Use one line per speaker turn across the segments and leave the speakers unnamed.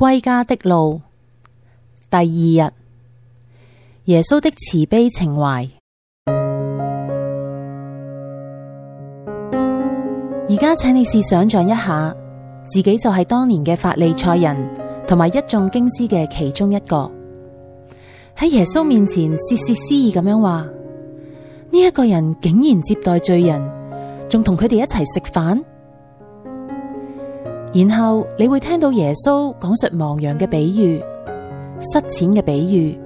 歸家的路。第二日，耶穌的慈悲情懷。而家請你試想象一下，自己就係當年嘅法利賽人同埋一眾經師嘅其中一個，喺耶穌面前竊竊私議咁樣話：呢、這、一個人竟然接待罪人，仲同佢哋一齊食飯。然後你會聽到耶穌講述亡羊嘅比喻、失錢嘅比喻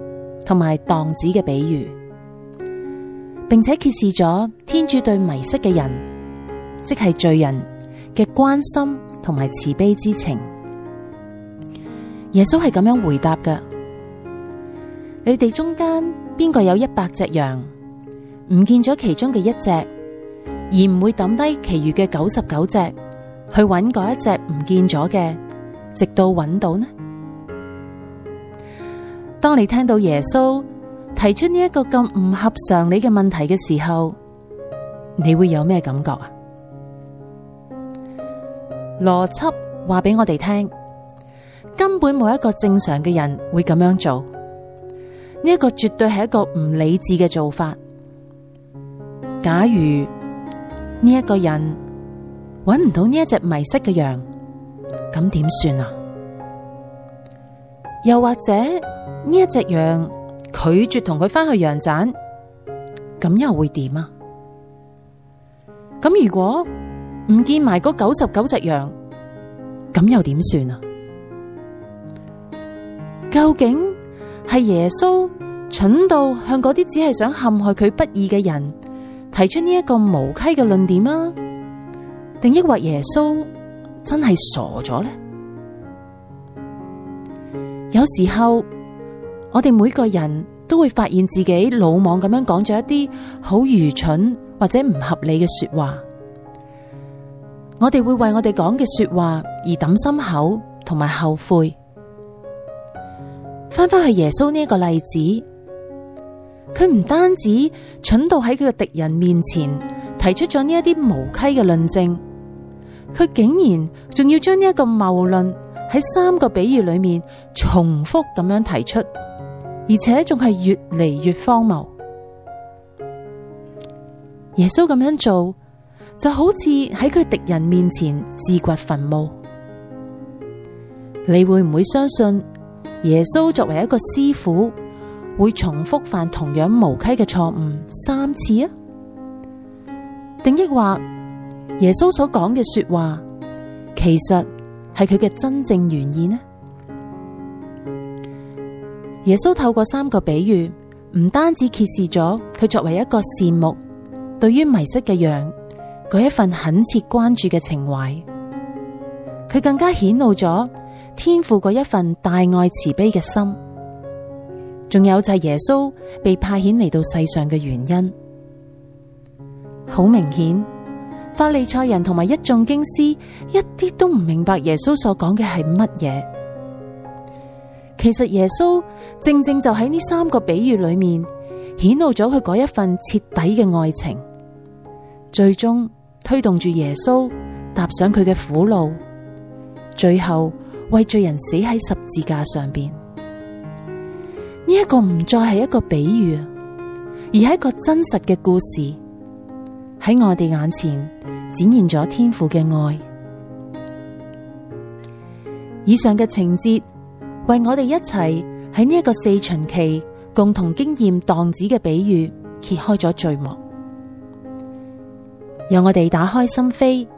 同埋蕩子嘅比喻，並且揭示咗天主對迷失嘅人，即係罪人嘅關心同埋慈悲之情。耶穌係咁樣回答嘅：你哋中間邊個有一百隻羊，唔見咗其中嘅一隻，而唔會抌低其餘嘅九十九隻？去揾嗰一隻唔見咗嘅，直到揾到呢？當你聽到耶穌提出呢一個咁唔合常理嘅問題嘅時候，你會有咩感覺啊？邏輯話俾我哋聽，根本冇一個正常嘅人會咁樣做。呢一個絕對係一個唔理智嘅做法。假如呢一個人。搵唔到呢一隻迷失嘅羊，咁點算啊？又或者呢一隻羊拒絕同佢翻去羊棧，咁又會點啊？咁如果唔見埋嗰九十九隻羊，咁又點算啊？究竟係耶穌蠢到向嗰啲只係想陷害佢不義嘅人提出呢一個無稽嘅論點啊？定抑或耶穌真係傻咗咧？有時候我哋每個人都會發現自己魯莽咁樣講咗一啲好愚蠢或者唔合理嘅說話，我哋會為我哋講嘅說話而揼心口同埋後悔。返返去耶穌呢一個例子，佢唔單止蠢到喺佢嘅敵人面前提出咗呢一啲無稽嘅論證。佢竟然仲要將呢一個謬論喺三個比喻裏面重複咁樣提出，而且仲係越嚟越荒謬。耶穌咁樣做，就好似喺佢敵人面前自掘墳墓。你會唔會相信耶穌作為一個師傅，會重複犯同樣無稽嘅錯誤三次啊？定抑或？耶穌所講嘅說話，其實係佢嘅真正原意呢？耶穌透過三個比喻，唔單止揭示咗佢作為一個善牧、對於迷失嘅羊，佢一份懇切關注嘅情懷，佢更加顯露咗天父嗰一份大愛慈悲嘅心。仲有就係耶穌被派遣嚟到世上嘅原因，好明顯。法利賽人同埋一眾經師一啲都唔明白耶穌所講嘅係乜嘢。其實耶穌正正就喺呢三個比喻裏面顯露咗佢嗰一份徹底嘅愛情，最終推動住耶穌踏上佢嘅苦路，最後為罪人死喺十字架上邊。呢一個唔再係一個比喻，而係一個真實嘅故事。喺我哋眼前展現咗天父嘅愛。以上嘅情節為我哋一齊喺呢一個四旬期共同經驗蕩子嘅比喻揭開咗序幕。讓我哋打開心扉，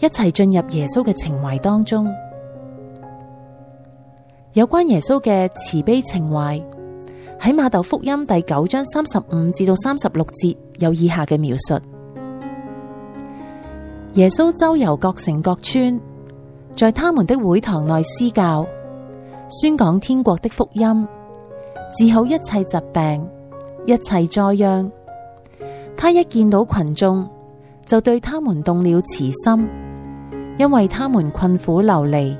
一齊進入耶穌嘅情懷當中。有關耶穌嘅慈悲情懷，喺瑪竇福音第九章三十五至到三十六節有以下嘅描述。耶穌周遊各城各村，在他們的會堂內施教，宣講天國的福音，治好一切疾病、一切災殃。他一見到群眾，就對他們動了慈心，因為他們困苦流離，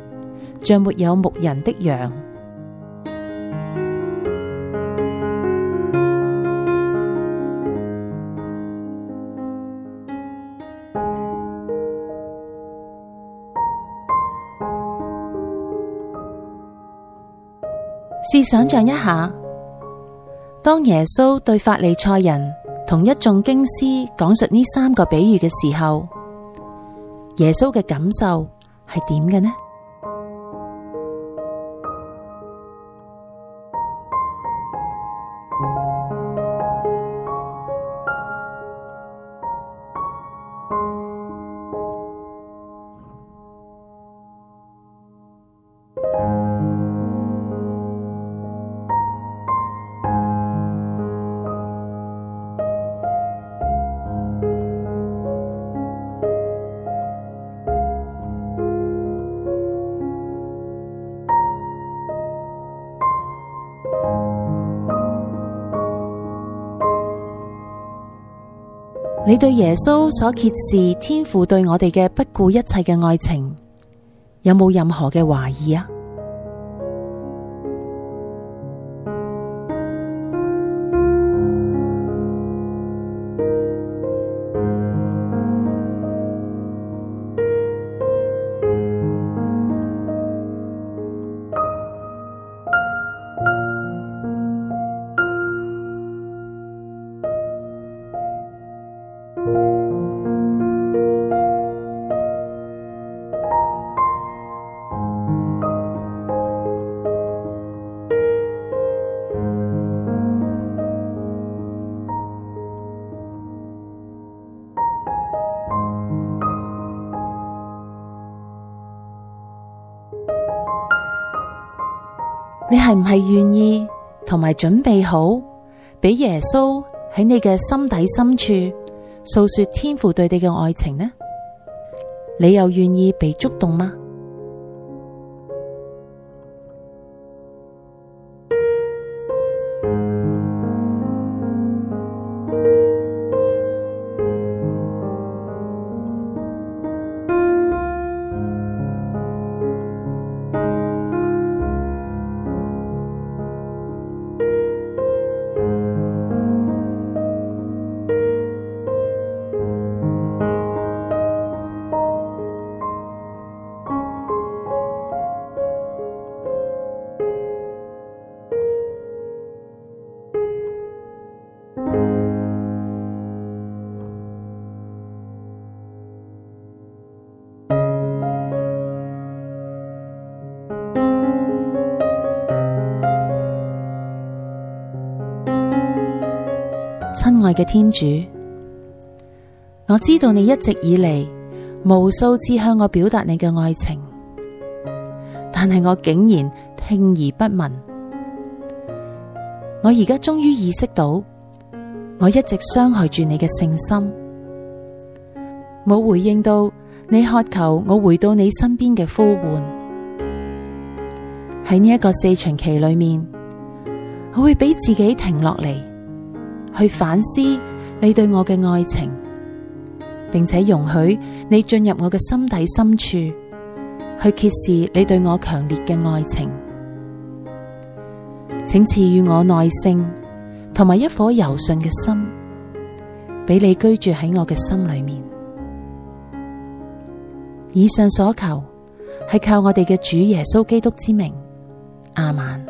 像沒有牧人的羊。試想象一下，當耶穌對法利賽人同一眾經師講述呢三個比喻嘅時候，耶穌嘅感受係點嘅呢？你對耶穌所揭示天父對我哋嘅不顧一切嘅愛情，有冇任何嘅懷疑啊？你係唔係願意同埋準備好，俾耶穌喺你嘅心底深處訴說天父對你嘅愛情呢？你又願意被觸動嗎？嘅天主，我知道你一直以嚟無數次向我表達你嘅愛情，但係我竟然聽而不聞。我而家終於意識到，我一直傷害住你嘅聖心，冇回應到你渴求我回到你身邊嘅呼喚。喺呢一個四旬期裏面，我會俾自己停落嚟。去反思你對我嘅愛情，並且容許你進入我嘅心底深處，去揭示你對我強烈嘅愛情。請賜予我耐性同埋一顆柔順嘅心，俾你居住喺我嘅心裏面。以上所求係靠我哋嘅主耶穌基督之名，亞孟。